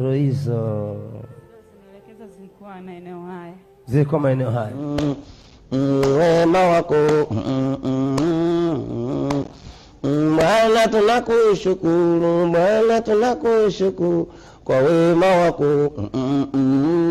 ndo hizo zilikuwa maeneo haya, wema wako mwana Bwana tunakushukuru, Bwana tunakushukuru kwa wema wako mm, mm, mm,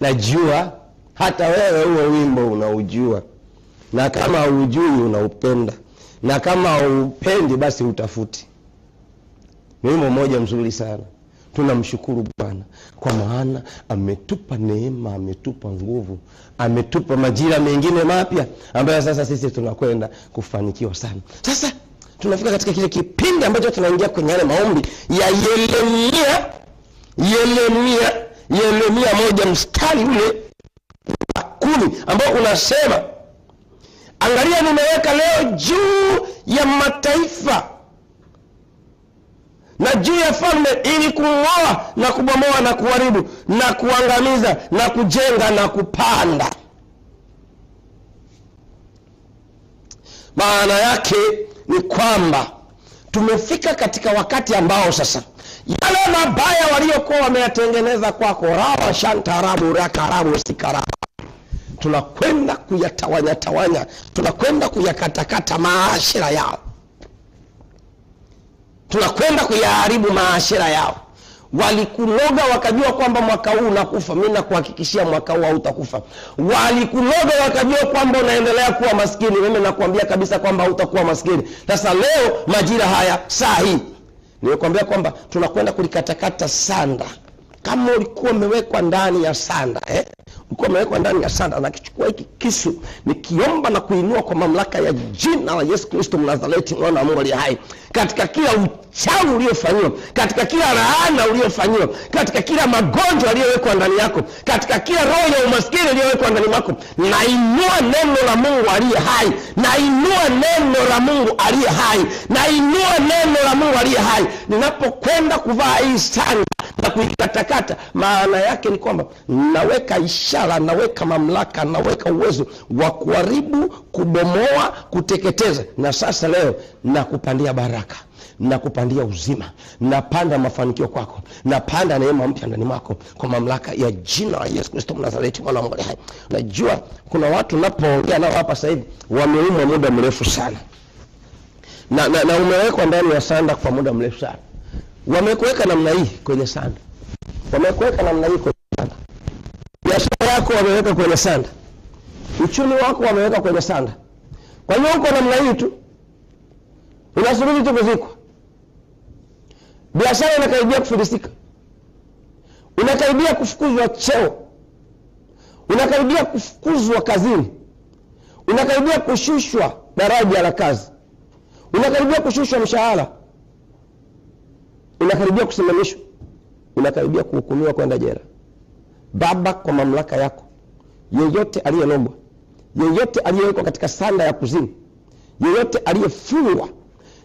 Najua hata wewe huo wimbo unaujua. na kama hujui unaupenda, na kama haupendi basi utafuti. Ni wimbo mmoja mzuri sana. Tunamshukuru Bwana kwa maana ametupa neema, ametupa nguvu, ametupa majira mengine mapya ambayo sasa sisi tunakwenda kufanikiwa sana. Sasa tunafika katika kile kipindi ambacho tunaingia kwenye yale maombi ya Yeremia, Yeremia, Yeremia moja mstari ule wa kumi ambao unasema Angalia, nimeweka leo juu ya mataifa na juu ya falme, ili kung'oa na kubomoa na kuharibu na kuangamiza na kujenga na kupanda. Maana yake ni kwamba tumefika katika wakati ambao sasa yale mabaya waliokuwa wameyatengeneza kwako rawa shantarabu rakarabu sikarabu tunakwenda kuyatawanyatawanya tunakwenda kuyakatakata maashira yao tunakwenda kuyaharibu maashira yao walikuloga wakajua kwamba mwaka huu unakufa mi nakuhakikishia mwaka huu hautakufa walikuloga wakajua kwamba unaendelea kuwa maskini mimi nakuambia kabisa kwamba hautakuwa maskini sasa leo majira haya saa hii nimekuambia kwamba tunakwenda kulikatakata sanda kama ulikuwa umewekwa ndani ya sanda eh? alikuwa amewekwa ndani ya sanda, nakichukua hiki kisu nikiomba na kuinua kwa mamlaka ya jina la Yesu Kristo Mnazareti, mwana wa Mungu aliye hai, katika kila uchawi uliofanyiwa, katika kila laana uliofanyiwa, katika kila magonjwa aliyowekwa ndani yako, katika kila roho ya umaskini iliyowekwa ndani mwako, nainua neno la Mungu aliye hai, nainua neno la Mungu aliye hai, nainua neno la Mungu aliye hai, ninapokwenda kuvaa hii sanda kuikatakata, maana yake ni kwamba naweka ishara, naweka mamlaka, naweka uwezo wa kuharibu, kubomoa, kuteketeza. Na sasa leo nakupandia baraka nakupandia uzima, napanda mafanikio kwako, napanda neema mpya ndani mwako kwa mamlaka ya jina la Yesu Kristo Mnazareti, mwana wa Mungu hai. Najua kuna watu napoongea nao hapa sasa hivi wameumwa muda mrefu sana na, na, na umewekwa ndani ya sanda kwa muda mrefu sana, wamekuweka namna hii kwenye sanda Wamekuweka namna hii kwenye sanda, biashara yako wameweka kwenye sanda, uchumi wako wameweka kwenye sanda. Kwa hiyo huko namna hii tu, unasubiri tu kuzikwa. Biashara inakaribia kufilisika, unakaribia kufukuzwa cheo, unakaribia kufukuzwa kazini, unakaribia kushushwa daraja la kazi, unakaribia kushushwa mshahara, unakaribia kusimamishwa unakaribia kuhukumiwa kwenda jela. Baba, kwa mamlaka yako, yeyote aliyelogwa, yeyote aliyewekwa katika sanda ya kuzimu, yeyote aliyefungwa,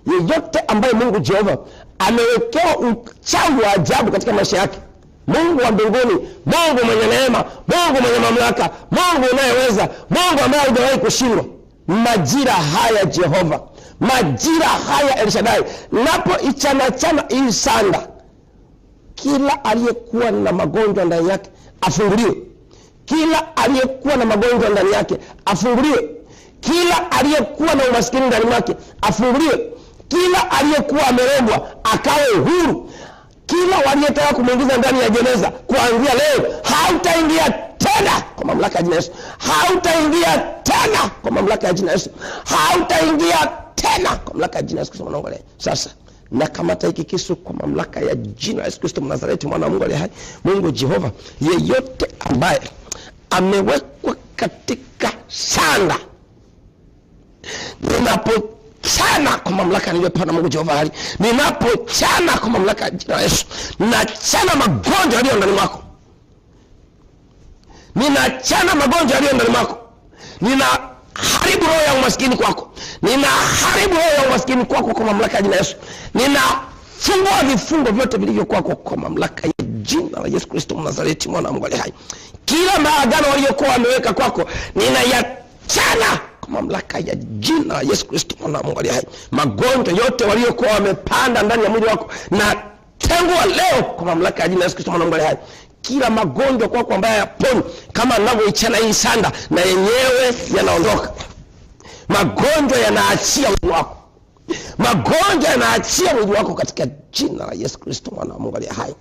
yeyote ambaye Mungu Jehova amewekewa uchawi wa ajabu katika maisha yake, Mungu wa mbinguni, Mungu mwenye neema, Mungu mwenye mamlaka, Mungu unayeweza, Mungu ambaye hujawahi kushindwa, majira haya Jehova, majira haya Elshadai, napo ichanachana hii sanda kila aliyekuwa na magonjwa ndani yake afunguliwe, kila aliyekuwa na magonjwa ndani yake afunguliwe, kila aliyekuwa na umaskini ndani mwake afunguliwe, kila aliyekuwa amerogwa akawe huru, kila waliyetaka kumwingiza ndani ya jeneza kuanzia leo hautaingia tena kwa mamlaka ya jina Yesu, hautaingia tena kwa mamlaka ya jina Yesu, hautaingia tena kwa mamlaka ya jina Yesu. Sasa kamata hiki kisu kwa mamlaka ya jina la Yesu Kristo Mnazareti, mwana wa Mungu aliye hai. Mungu Jehova, yeyote ambaye amewekwa katika sanda ninapochana kwa mamlaka niliyopewa na Mungu Jehova hali, ninapochana kwa mamlaka ya jina la Yesu, ninachana magonjwa yaliyo ndani mwako, ninachana magonjwa yaliyo ndani mwako nina haribu roho ya umaskini kwako, ninaharibu roho ya umaskini kwako kwa mamlaka ya jina Yesu. Ninafungua vifungo vyote vilivyokwako kwa mamlaka ya jina la Yesu Kristo Mnazareti, mwana wa Mungu ali hai. Kila maagano waliyokuwa wameweka kwako ninayachana mamlaka ya jina la Yesu Kristo mwana wa Mungu aliye hai. Magonjwa yote waliokuwa wamepanda ndani ya mwili wako na tengua leo kwa mamlaka ya jina Yesu Kristo mwana wa Mungu aliye hai kila magonjwa kwako ambayo yaponi kama anavyoichana hii sanda, na yenyewe yanaondoka magonjwa yanaachia mwili wako, magonjwa yanaachia mwili wako katika jina la Yesu Kristo, mwana wa Mungu aliye hai.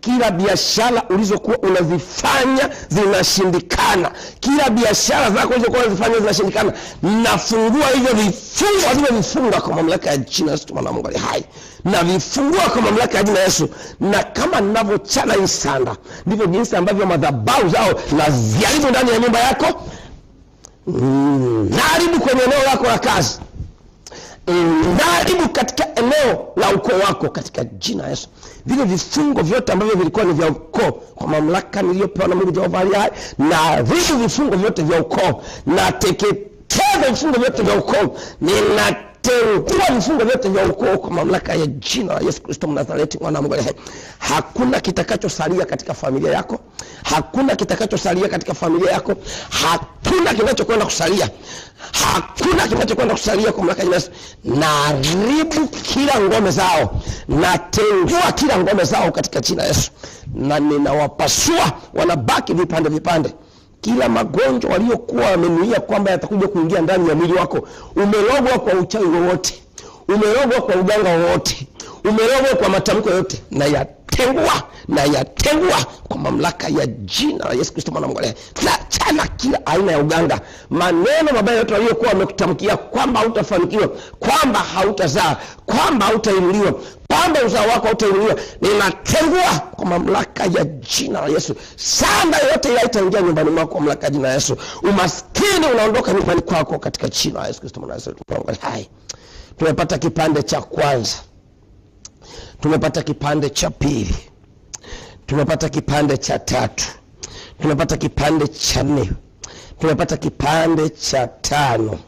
Kila biashara ulizokuwa unazifanya zinashindikana, kila biashara zako ulizokuwa unazifanya zinashindikana, nafungua hivyo vifungwa vifungo, vilivyovifunga kwa mamlaka ya jina Yesu, mwana wa Mungu aliye hai, na vifungua kwa mamlaka ya jina Yesu. Na kama ninavyochana hii sanda, ndivyo jinsi ambavyo madhabau zao naziaribu ndani ya nyumba yako mm. kwenye eneo lako la kazi mm. katika eneo la ukoo wako katika jina Yesu. Vile vifungo vyote ambavyo vilikuwa ni vya ukoo, kwa mamlaka niliyopewa na Mungu Jehova hai, na vifu vifungo vyote vya ukoo, na teketeza vifungo vyote vya ukoo nina teule, kuwa vifungo vyote vya ukoo kwa mamlaka ya jina la Yesu Kristo Mnazareti, mwana wa Mungu. Hakuna kitakachosalia katika familia yako, hakuna kitakachosalia katika familia yako, hakuna kinachokwenda kusalia, hakuna kinachokwenda kusalia kwa mamlaka ya Yesu. Naharibu kila ngome zao, natengua kila ngome zao katika jina la Yesu, na ninawapasua, wanabaki vipande vipande kila magonjwa waliokuwa wamenuia kwamba yatakuja kuingia ndani ya mwili wako, umerogwa kwa uchawi wowote, umerogwa kwa uganga wowote umerogwa kwa matamko yote na yatengua na yatengwa kwa mamlaka ya jina la Yesu Kristo mwana mwanamwalea. Chana kila aina ya uganga, maneno mabaya yote waliokuwa wamekutamkia kwamba hautafanikiwa, kwamba hautazaa, kwamba hautainuliwa, kwamba uzao wako hautainuliwa, ninatengua kwa mamlaka ya jina la Yesu. Sanda yote ile itaingia nyumbani mwako kwa mamlaka ya jina la Yesu. Umaskini unaondoka nyumbani kwako katika jina la Yesu Kristo mwana hai. Tumepata kipande cha kwanza tumepata kipande cha pili, tumepata kipande cha tatu, tumepata kipande cha nne, tumepata kipande cha tano,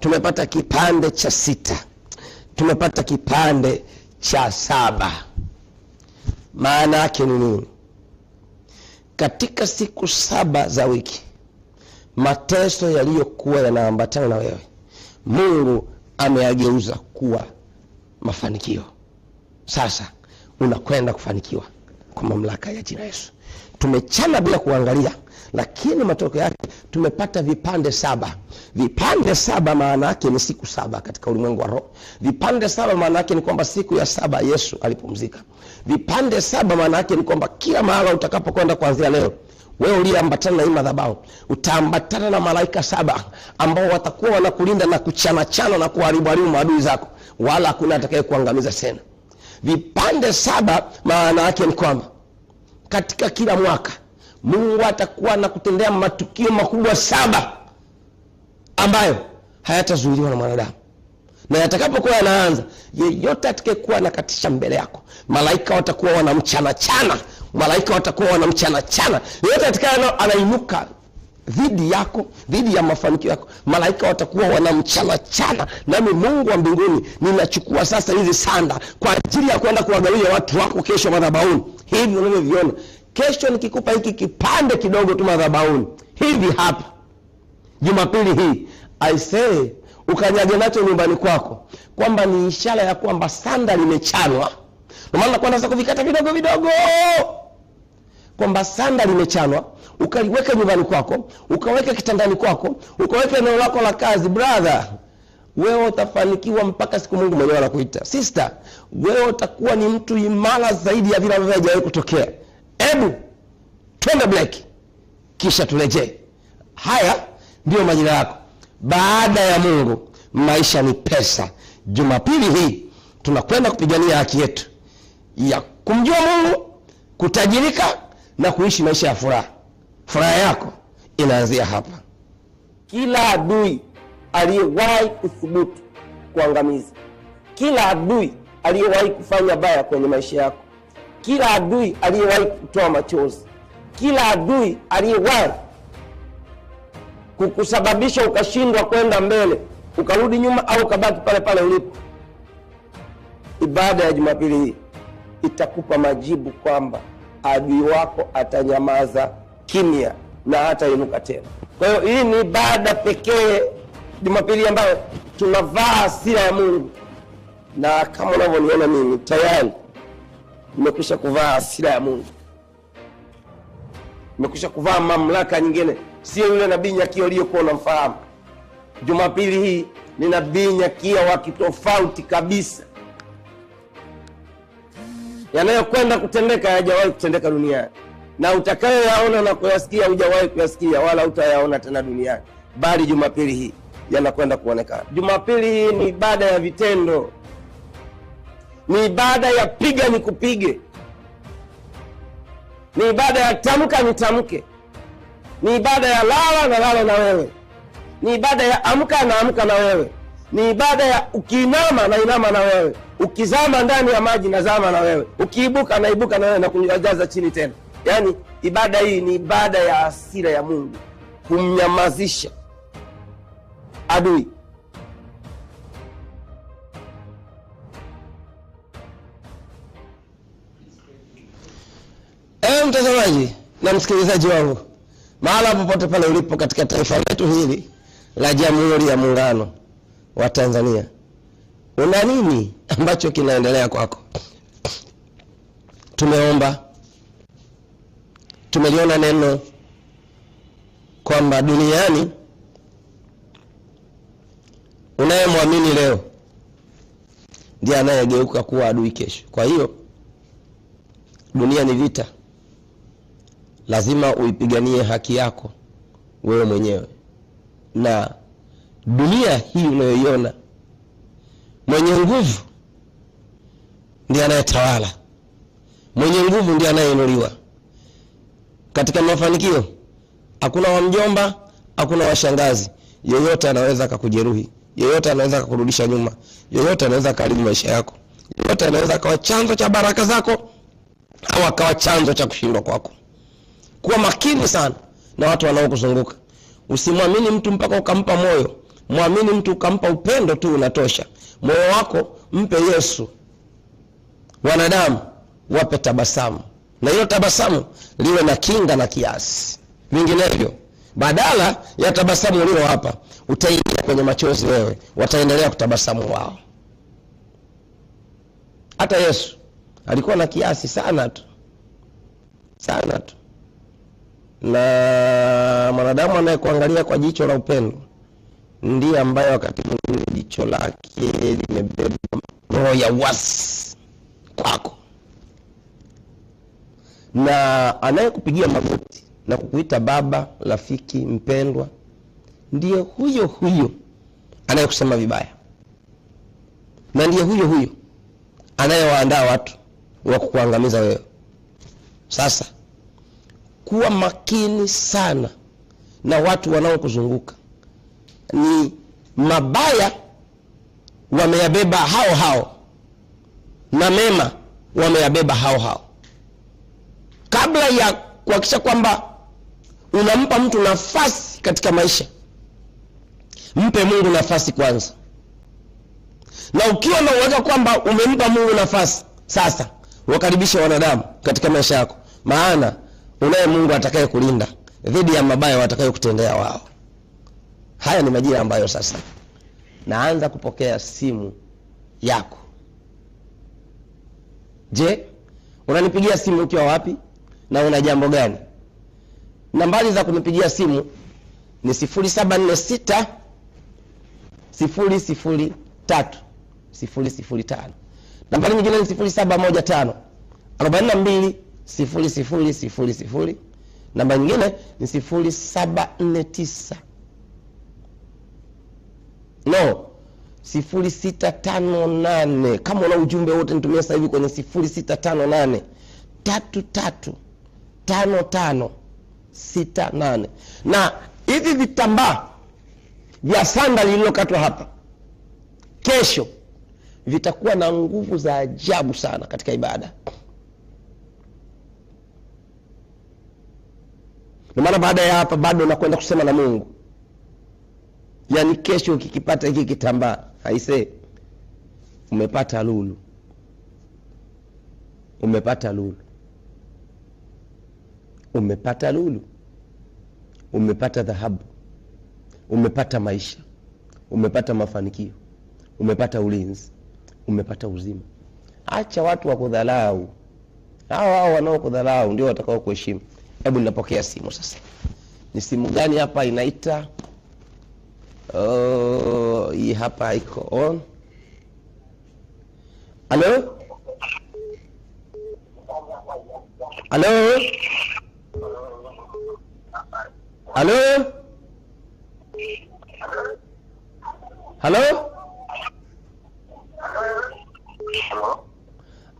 tumepata kipande cha sita, tumepata kipande cha saba. Maana yake ni nini? Katika siku saba za wiki, mateso yaliyokuwa yanaambatana na wewe, Mungu ameageuza kuwa mafanikio. Sasa unakwenda kufanikiwa kwa mamlaka ya jina Yesu. Tumechana bila kuangalia, lakini matokeo yake tumepata vipande saba. Vipande saba maana yake ni siku saba katika ulimwengu wa roho. Vipande saba maana yake ni kwamba siku ya saba Yesu alipumzika. Vipande saba maana yake ni kwamba kila mahala utakapokwenda kuanzia leo wewe uliyeambatana na hii madhabahu utaambatana na malaika saba ambao watakuwa wanakulinda na kuchanachana na kuharibuharibu maadui zako wala hakuna atakaye kuangamiza tena vipande saba maana yake ni kwamba katika kila mwaka mungu atakuwa na kutendea matukio makubwa saba ambayo hayatazuiliwa na mwanadamu na yatakapokuwa yanaanza yeyote atakayekuwa anakatisha mbele yako malaika watakuwa wanamchanachana malaika watakuwa wanamchanachana yeyote atakaye anainuka dhidi yako, dhidi ya mafanikio yako. Malaika watakuwa wanamchanachana, nami Mungu wa mbinguni ninachukua sasa hizi sanda kwa ajili ya kwenda kuwagawia watu wako kesho madhabauni Hivi unavyoviona, kesho nikikupa hiki kipande kidogo tu madhabauni hivi hapa, Jumapili hii I say ukanyage nacho nyumbani kwako, kwamba ni ishara ya kwamba sanda limechanwa. Ndio maana nakwenda sasa kuvikata vidogo vidogo, kwamba sanda limechanwa ukaliweka nyumbani kwako, ukaweka kitandani kwako, ukaweka eneo lako la kazi, brother, wewe utafanikiwa mpaka siku Mungu mwenyewe anakuita. Sister, wewe utakuwa ni mtu imara zaidi ya vile ambavyo kutokea. Hebu twende black kisha turejee. Haya ndiyo majira yako. Baada ya Mungu, maisha ni pesa. Jumapili hii tunakwenda kupigania haki yetu ya kumjua Mungu, kutajirika na kuishi maisha ya furaha. Furaha yako inaanzia hapa. Kila adui aliyewahi kuthubutu kuangamiza, kila adui aliyewahi kufanya baya kwenye maisha yako, kila adui aliyewahi kutoa machozi, kila adui aliyewahi kukusababisha ukashindwa kwenda mbele, ukarudi nyuma, au ukabaki pale pale ulipo, ibada ya Jumapili hii itakupa majibu kwamba adui wako atanyamaza kimya na hata inuka tena. Kwa hiyo hii ni ibada pekee Jumapili ambayo tunavaa asira ya Mungu, na kama unavyoniona mimi tayari nimekwisha kuvaa asira ya Mungu, nimekwisha kuvaa mamlaka nyingine. Sio yule nabii Nyakia uliokuwa unamfahamu. Jumapili hii ni nabii Nyakia wa kitofauti kabisa. Yanayokwenda kutendeka hayajawahi kutendeka duniani na utakayoyaona na kuyasikia hujawahi kuyasikia wala utayaona tena duniani, bali Jumapili hii yanakwenda kuonekana. Jumapili hii ni ibada ya vitendo, ni ibada ya piga ni kupige, ni ibada ya tamka ni tamke, ni ibada ya lala na lala na wewe, ni ibada ya amka na amka na wewe, ni ibada ya ukiinama na inama na wewe, ukizama ndani ya maji nazama na wewe, ukiibuka naibuka na wewe na kujaza chini tena yani ibada hii ni ibada ya asira ya Mungu, kumnyamazisha adui. Ewe mtazamaji na msikilizaji wangu, mahala popote pale ulipo katika taifa letu hili la Jamhuri ya Muungano wa Tanzania, una nini ambacho kinaendelea kwako? Tumeomba tumeliona neno kwamba duniani unayemwamini leo ndiye anayegeuka kuwa adui kesho. Kwa hiyo dunia ni vita, lazima uipiganie haki yako wewe mwenyewe, na dunia hii unayoiona mwenye nguvu ndiye anayetawala, mwenye nguvu ndiye anayeinuliwa katika mafanikio hakuna wa mjomba, hakuna washangazi. Yoyote anaweza akakujeruhi, yoyote anaweza akakurudisha nyuma, yoyote anaweza akaharibu maisha yako, yoyote anaweza akawa chanzo cha baraka zako au akawa chanzo cha kushindwa kwako. Kuwa makini sana na watu wanaokuzunguka. Usimwamini mtu mpaka ukampa moyo. Mwamini mtu ukampa upendo tu, unatosha. Moyo wako mpe Yesu. Wanadamu wape tabasamu na hilo tabasamu liwe na kinga na kiasi, vinginevyo badala ya tabasamu ulio hapa utaingia kwenye machozi wewe, wataendelea kutabasamu wao. Hata Yesu alikuwa na kiasi sana tu sana tu, na mwanadamu anayekuangalia kwa jicho la upendo ndiye ambaye wakati mwingine jicho lake limebeba roho ya wasi kwako na anayekupigia magoti na kukuita baba, rafiki, mpendwa, ndiye huyo huyo anayekusema vibaya, na ndiye huyo huyo anayewaandaa watu wa kukuangamiza wewe. Sasa kuwa makini sana na watu wanaokuzunguka. Ni mabaya wameyabeba hao hao na mema wameyabeba hao hao kabla ya kuhakikisha kwamba unampa mtu nafasi katika maisha, mpe Mungu nafasi kwanza. Na ukiwa na uhakika kwamba umempa Mungu nafasi, sasa wakaribisha wanadamu katika maisha yako, maana unaye Mungu atakaye kulinda dhidi ya mabaya watakayokutendea wao. Haya ni majira ambayo sasa naanza kupokea simu yako. Je, unanipigia simu ukiwa wapi? na una jambo gani? Nambari za kunipigia simu ni 0746 003 005. Nambari nyingine ni 0715 42 0000. Namba nyingine ni 0749 no 0658. Kama una ujumbe wote nitumia sasa hivi kwenye 0658 tatu tatu tano tano sita nane na hivi vitambaa vya sanda lililokatwa hapa kesho vitakuwa na nguvu za ajabu sana katika ibada maana baada ya hapa bado nakwenda kusema na mungu yaani kesho kikipata hiki kitambaa aise umepata lulu umepata lulu umepata lulu, umepata dhahabu, umepata maisha, umepata mafanikio, umepata ulinzi, umepata uzima. Acha watu wakudhalau. Hao hao wanaokudhalau ndio watakao kuheshimu. Hebu ninapokea simu sasa. Ni simu gani hapa? Inaita oh, hii hapa iko on. Halo, halo. Hello? Hello?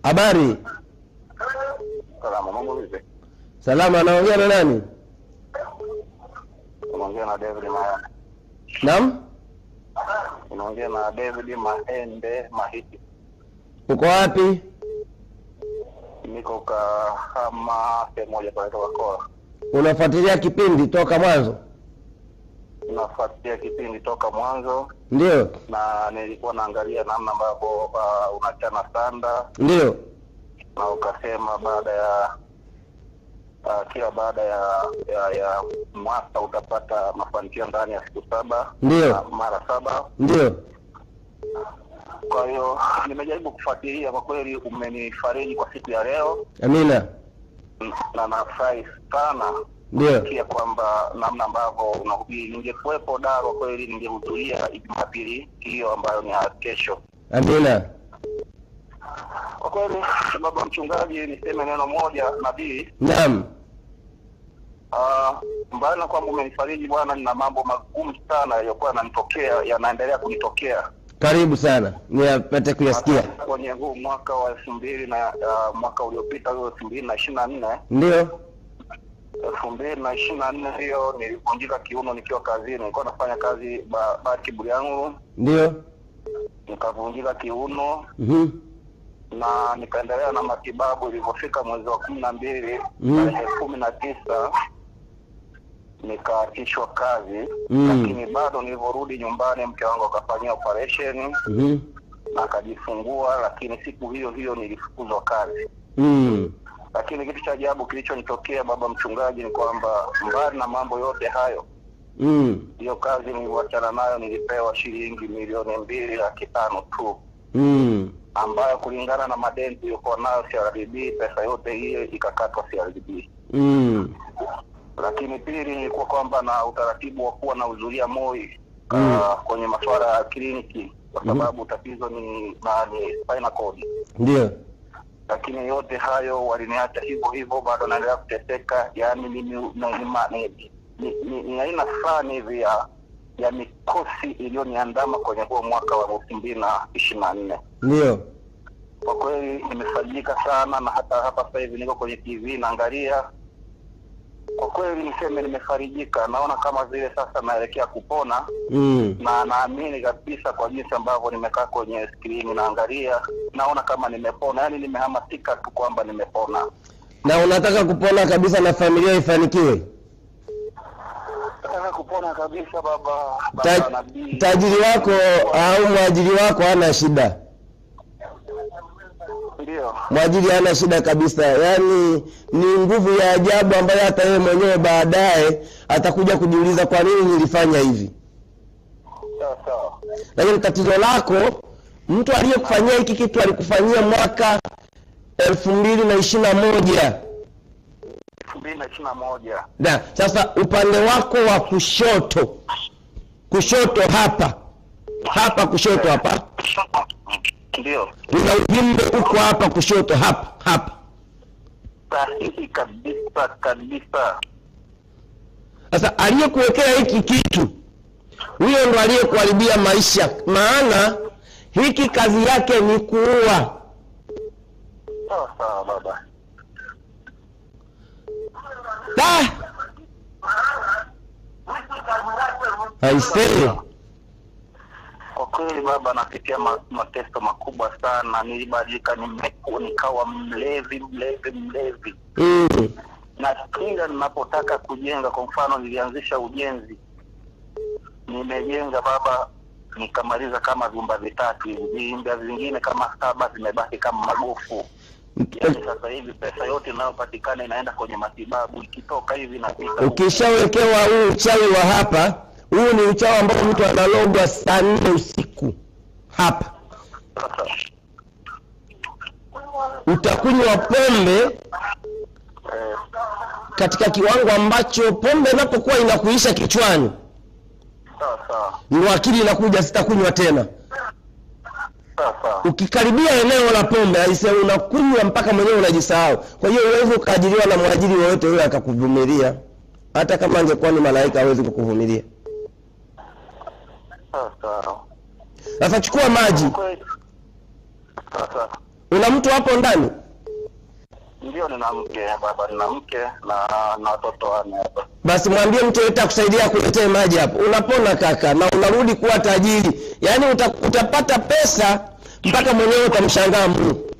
Habari? Salama, mambo vipi? Salama, naongea na nani? Naongea na David Mahende. Naam? Naongea na David Mahende Mahiti. Uko wapi? Niko Kahama sehemu moja pale Kora. Unafuatilia kipindi toka mwanzo? Nafuatilia kipindi toka mwanzo. Ndio. Na nilikuwa naangalia namna ambavyo uh, unachana sanda. Ndio. Na ukasema baada ya uh, kila baada ya ya, ya mwaka utapata mafanikio ndani ya siku saba. Ndio. Mara saba. Ndio. Kwa hiyo nimejaribu kufuatilia, kwa kweli umenifariji kwa siku ya leo. Amina na nafurahi sana ndio kia kwamba namna ambavyo unahubiri. Ningekuwepo Daro kweli, ningehudhuria Jumapili hiyo ambayo ni kesho. Amina. Kwa kweli, baba mchungaji, niseme neno moja nabii. Naam. Uh, mbali na kwamba umenifariji Bwana, nina mambo magumu sana yaliyokuwa yananitokea yanaendelea kunitokea karibu sana niapate kuyasikia kwenye huu mwaka wa elfu mbili na uh, mwaka uliopita huo elfu mbili na ishirini na nne ndio elfu mbili na ishirini na nne hiyo nilivunjika kiuno nikiwa kazini. Nilikuwa nafanya kazi Batibu yangu ndio nikavunjika kiuno mm -hmm. na nikaendelea na matibabu. Ilivyofika mwezi wa kumi na mbili mhm. tarehe mm -hmm. kumi na tisa nikaachishwa kazi mm. Lakini bado nilivyorudi nyumbani mke wangu akafanyia operation mm. akajifungua, lakini siku hiyo hiyo nilifukuzwa kazi mm. Lakini kitu cha ajabu kilichonitokea baba mchungaji, ni kwamba mbali na mambo yote hayo mm. hiyo mm. kazi nilivyoachana nayo nilipewa shilingi milioni mbili laki tano tu mm. ambayo kulingana na madeni iliyokuwa nayo CRDB, pesa yote hiyo ikakatwa CRDB mm lakini pili ilikuwa kwamba na utaratibu wa kuwa na uzuria MOI mm. uh, kwenye masuala ya kliniki kwa mm-hmm. sababu mm. tatizo ni na ni cord ndio, lakini yote hayo waliniacha hivyo hivyo, bado naendelea kuteseka. Yani mimi ni aina fulani hivi ya ya mikosi iliyoniandama kwenye huo mwaka wa elfu mbili na ishiri na nne ndio kwa kweli nimefaidika sana, na hata hapa sasa hivi niko kwenye TV naangalia kwa kweli niseme nimefarijika, naona kama vile sasa naelekea kupona mm. na naamini kabisa kwa jinsi ambavyo nimekaa kwenye skrini naangalia, naona kama nimepona, yaani nimehamasika tu kwamba nimepona. Na unataka kupona kabisa na familia ifanikiwe? Nataka kupona kabisa baba, baba Ta, tajiri wako au mwajiri wako hana shida ndio. Mwajiri hana shida kabisa, yaani ni nguvu ya ajabu ambayo hata yeye mwenyewe baadaye atakuja kujiuliza kwa nini nilifanya hivi. Lakini tatizo lako mtu aliyekufanyia hiki kitu alikufanyia mwaka elfu mbili na ishiri na moja na sasa upande wako wa kushoto kushoto hapa hapa kushoto hapa ndio. Kuna ujumbe uko hapa kushoto hapa hapa. Sahihi kabisa kabisa. Sasa aliyekuwekea hiki kitu huyo ndo aliyekuharibia maisha, maana hiki kazi yake ni kuua. Sawa sawa baba. Ah! Aisee. Kwa kweli baba, napitia mateso makubwa sana. Nilibadilika, nikawa mlevi mlevi mlevi mm. na kila ninapotaka kujenga, kwa mfano, nilianzisha ujenzi, nimejenga baba, nikamaliza kama vyumba vitatu hivi, vyumba vingine kama saba vimebaki kama magofu. Yani sasa hivi pesa yote inayopatikana inaenda kwenye matibabu, ikitoka hivi napita. Ukishawekewa huu uchawi wa hapa huu ni uchawi ambao mtu analogwa saa nne usiku hapa. Utakunywa pombe katika kiwango ambacho pombe inapokuwa inakuisha kichwani, ndio akili inakuja, sitakunywa tena. Ukikaribia eneo la pombe aise, unakunywa mpaka mwenyewe unajisahau. Kwa hiyo uwezi ukaajiriwa na mwajiri wowote yule akakuvumilia, hata kama angekuwa ni malaika hawezi kukuvumilia. Sasa chukua maji. Sasa una mtu hapo ndani? Ndio, nina mke baba, nina mke na na watoto wanne hapa. Basi mwambie mtu yeyote akusaidia kuletee maji hapo. Unapona kaka, na unarudi kuwa tajiri, yaani uta, utapata pesa mpaka mwenyewe utamshangaa Mungu.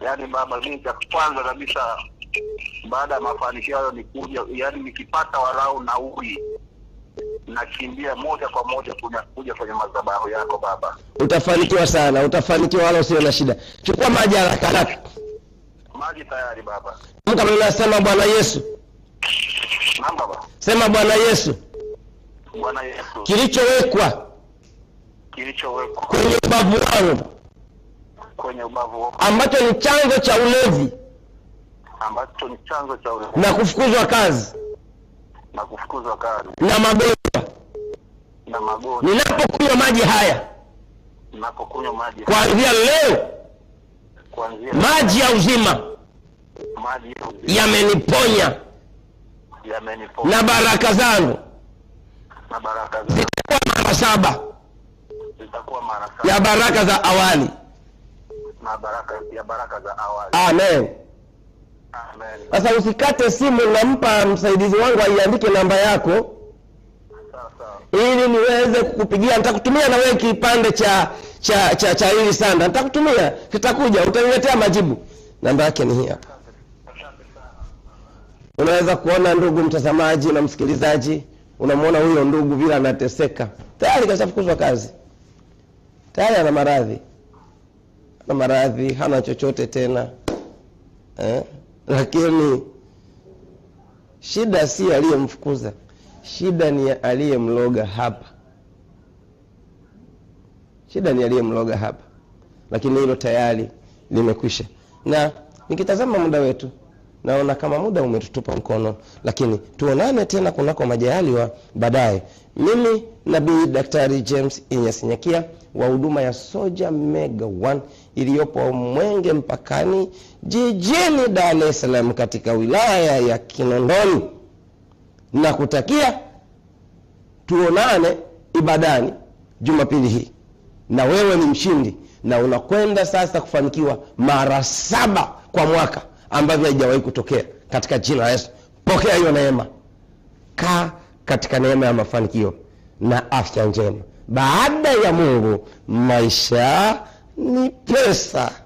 Yaani baba, mimi cha kwanza kabisa baada ya mafanikio hayo ni kuja, yaani nikipata walau nauli nakimbia moja kwa moja kuja kwenye madhabahu yako baba. Utafanikiwa sana, utafanikiwa wala usiwe na shida. Chukua maji haraka haraka. Maji tayari baba. Tamka maneno yasema Bwana Yesu. Mamba, baba. Sema Bwana Yesu. Bwana Yesu. Kilichowekwa kilichowekwa kwenye ubavu wangu kwenye ubavu wangu ambacho ni chanzo cha ulevi ambacho ni chanzo cha ulevi na kufukuzwa kazi na kufukuzwa kazi na magonjwa na magonjwa. Ninapokunywa maji haya, ninapokunywa maji kuanzia leo, kuanzia maji ya uzima, maji ya uzima yameniponya, yameniponya na baraka zangu na baraka zangu zitakuwa mara saba, zitakuwa mara saba ya baraka za awali na baraka ya baraka za awali. Amen. Sasa usikate simu, nampa msaidizi wangu aiandike namba yako ili niweze kukupigia. Nitakutumia na wewe kipande cha cha cha cha hili sanda, nitakutumia kitakuja, utaniletea majibu. Namba yake ni hapa. Unaweza kuona ndugu mtazamaji na msikilizaji, unamwona huyo ndugu vile anateseka, tayari kashafukuzwa kazi, tayari ana maradhi, ana maradhi, hana chochote tena eh? Lakini shida si aliyemfukuza shida ni aliyemloga hapa, shida ni aliyemloga hapa, lakini hilo tayari limekwisha. Na nikitazama muda wetu naona kama muda umetutupa mkono, lakini tuonane tena kunako wa baadaye. Mimi Nabii Daktari James Inyasinyakia wa huduma ya Soja Mega One iliyopo Mwenge mpakani jijini Dar es Salaam katika wilaya ya Kinondoni na kutakia tuonane ibadani Jumapili hii, na wewe ni mshindi na unakwenda sasa kufanikiwa mara saba kwa mwaka ambavyo haijawahi kutokea katika jina la Yesu. Pokea hiyo neema, kaa katika neema ya mafanikio na afya njema. Baada ya Mungu, maisha ni pesa.